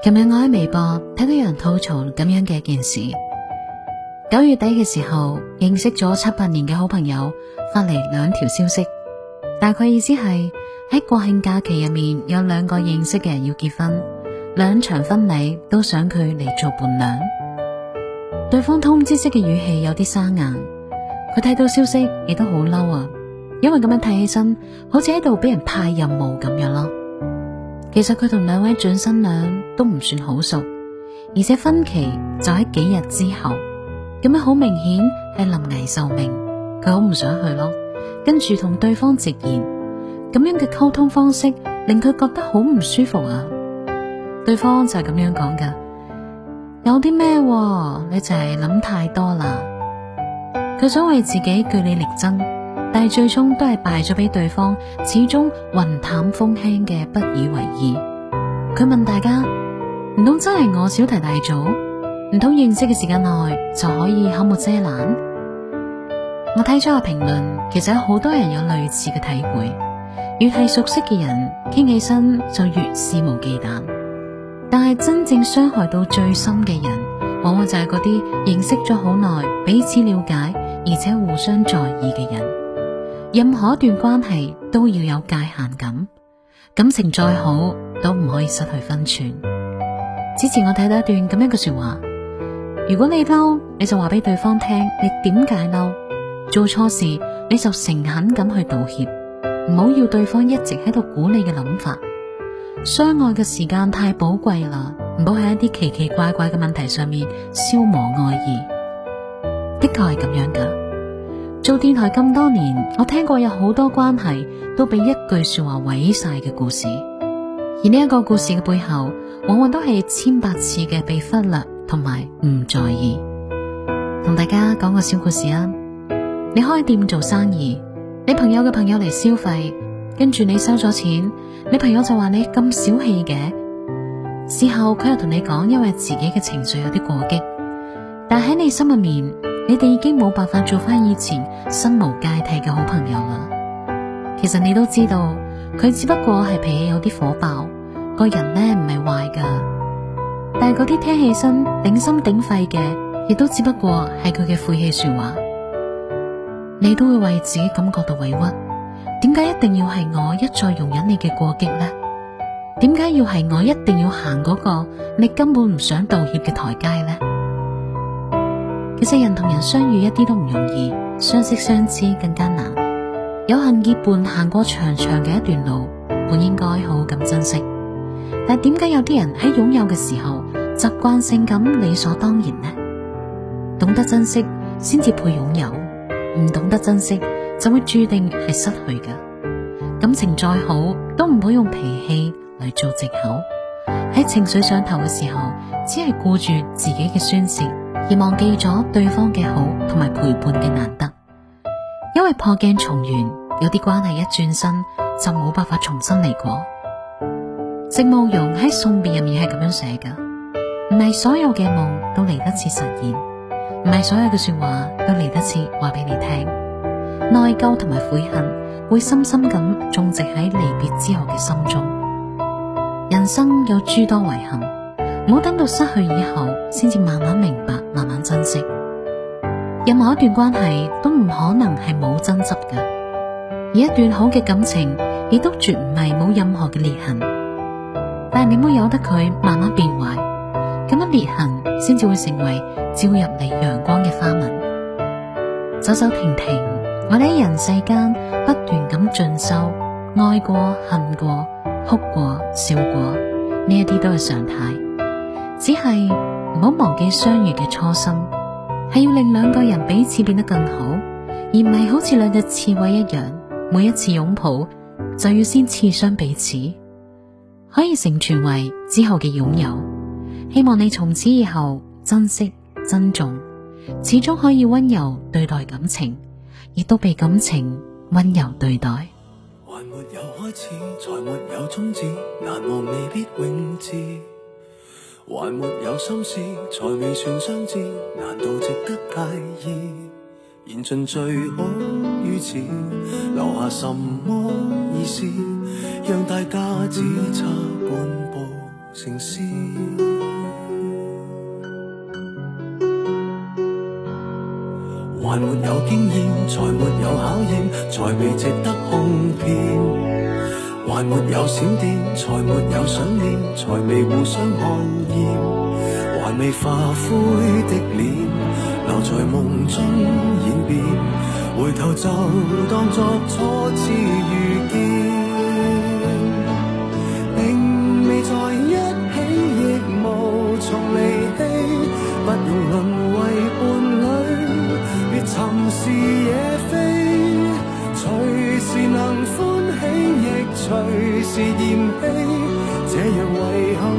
琴日我喺微博睇到有人吐槽咁樣嘅一件事。九月底嘅時候，認識咗七八年嘅好朋友發嚟兩條消息，大概意思係喺國慶假期入面有兩個認識嘅人要結婚，兩場婚禮都想佢嚟做伴娘。對方通知式嘅語氣有啲生硬，佢睇到消息亦都好嬲啊，因為咁樣睇起身好似喺度俾人派任務咁樣咯。其實佢同兩位準新娘都唔算好熟，而且婚期就喺幾日之後，咁樣好明顯係臨危受命，佢好唔想去咯。跟住同對方直言，咁樣嘅溝通方式令佢覺得好唔舒服啊。對方就係咁樣講噶，有啲咩啊，你就係諗太多啦。佢想為自己據理力爭。但係最終都係敗咗俾對方，始終雲淡風輕嘅不以為意。佢問大家：唔通真係我小題大做？唔通認識嘅時間內就可以口無遮攔？我睇咗個評論，其實有好多人有類似嘅體會。越係熟悉嘅人傾起身就越肆無忌憚，但係真正傷害到最深嘅人，往往就係嗰啲認識咗好耐、彼此了解而且互相在意嘅人。任何一段關係都要有界限感，感情再好都唔可以失去分寸。之前我睇到一段咁樣嘅說話：如果你嬲，你就話俾對方聽你點解嬲；做錯事你就誠懇咁去道歉，唔好要對方一直喺度估你嘅諗法。相愛嘅時間太寶貴啦，唔好喺一啲奇奇怪怪嘅問題上面消磨愛意。的確係咁樣噶。做電台咁多年，我聽過有好多關係都被一句說話毀晒嘅故事，而呢一個故事嘅背後，往往都係千百次嘅被忽略同埋唔在意。同大家講個小故事啊！你開店做生意，你朋友嘅朋友嚟消費，跟住你收咗錢，你朋友就話你咁小氣嘅。事後佢又同你講，因為自己嘅情緒有啲過激，但喺你心入面。你哋已經冇辦法做翻以前身無芥蒂嘅好朋友啦。其實你都知道，佢只不過係脾氣有啲火爆，個人呢唔係壞噶。但係嗰啲聽起身頂心頂肺嘅，亦都只不過係佢嘅晦氣說話。你都會為自己感覺到委屈。點解一定要係我一再容忍你嘅過激呢？點解要係我一定要行嗰個你根本唔想道歉嘅台階呢？其實人同人相遇一啲都唔容易，相識相知更艱難。有幸結伴行過長長嘅一段路，本應該好咁珍惜。但係點解有啲人喺擁有嘅時候，習慣性咁理所當然呢？懂得珍惜先至配擁有，唔懂得珍惜就會注定係失去嘅。感情再好都唔好用脾氣嚟做借口。喺情緒上頭嘅時候，只係顧住自己嘅宣洩。而忘記咗對方嘅好同埋陪伴嘅難得，因為破鏡重圓有啲關係，一轉身就冇辦法重新嚟過。席慕蓉喺送別入面係咁樣寫嘅：唔係所有嘅夢都嚟得切實現，唔係所有嘅說話都嚟得切話俾你聽。內疚同埋悔恨會深深咁種植喺離別之後嘅心中。人生有諸多遺憾，唔好等到失去以後，先至慢慢明白。任何一段關係都唔可能係冇爭執嘅，而一段好嘅感情亦都絕唔係冇任何嘅裂痕。但係你唔會由得佢慢慢變壞，咁樣裂痕先至會成為照入嚟陽光嘅花紋。走走停停，我哋喺人世間不斷咁進修，愛過、恨過、哭過、笑過，呢一啲都係常態，只係唔好忘記相遇嘅初心。係要令兩個人彼此變得更好，而唔係好似兩隻刺猬一樣，每一次擁抱就要先刺傷彼此，可以成全為之後嘅擁有。希望你從此以後珍惜、珍重，始終可以溫柔對待感情，亦都被感情溫柔對待。還沒有心事，才未算相知，難道值得介意？言盡最好於此，留下什麼意思？讓大家只差半步成詩。 還沒有經驗，才沒有考驗，才未值得哄騙。還沒有閃電，才沒有想念，才未互相看見，還未化灰的臉留在夢中演變，回頭就當作初次遇見，並未在一起亦無從從。是嫌棄，這樣遺憾。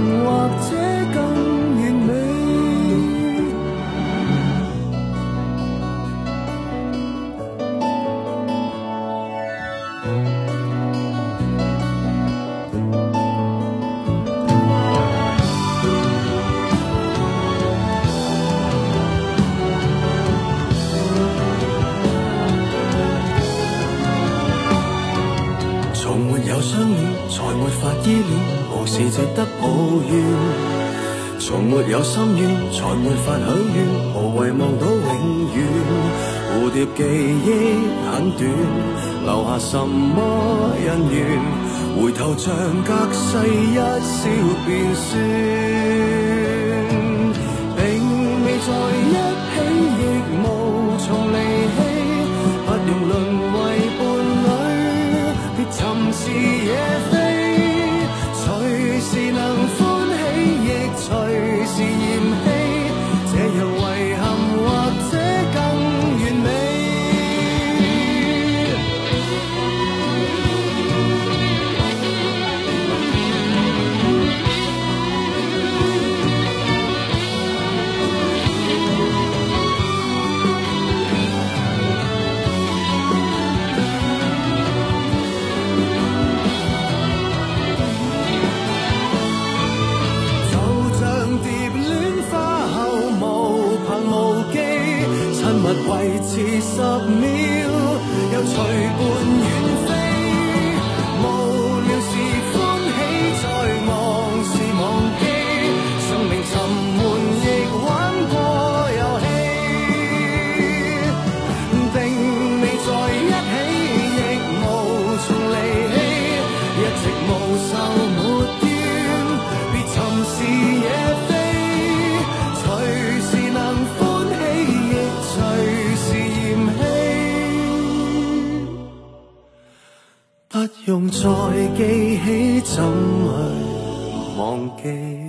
得抱怨，從沒有心願，才沒法許願，何謂望到永遠？蝴蝶記憶很短，留下什麼恩怨？回頭像隔世，一笑便算。記起怎去忘記。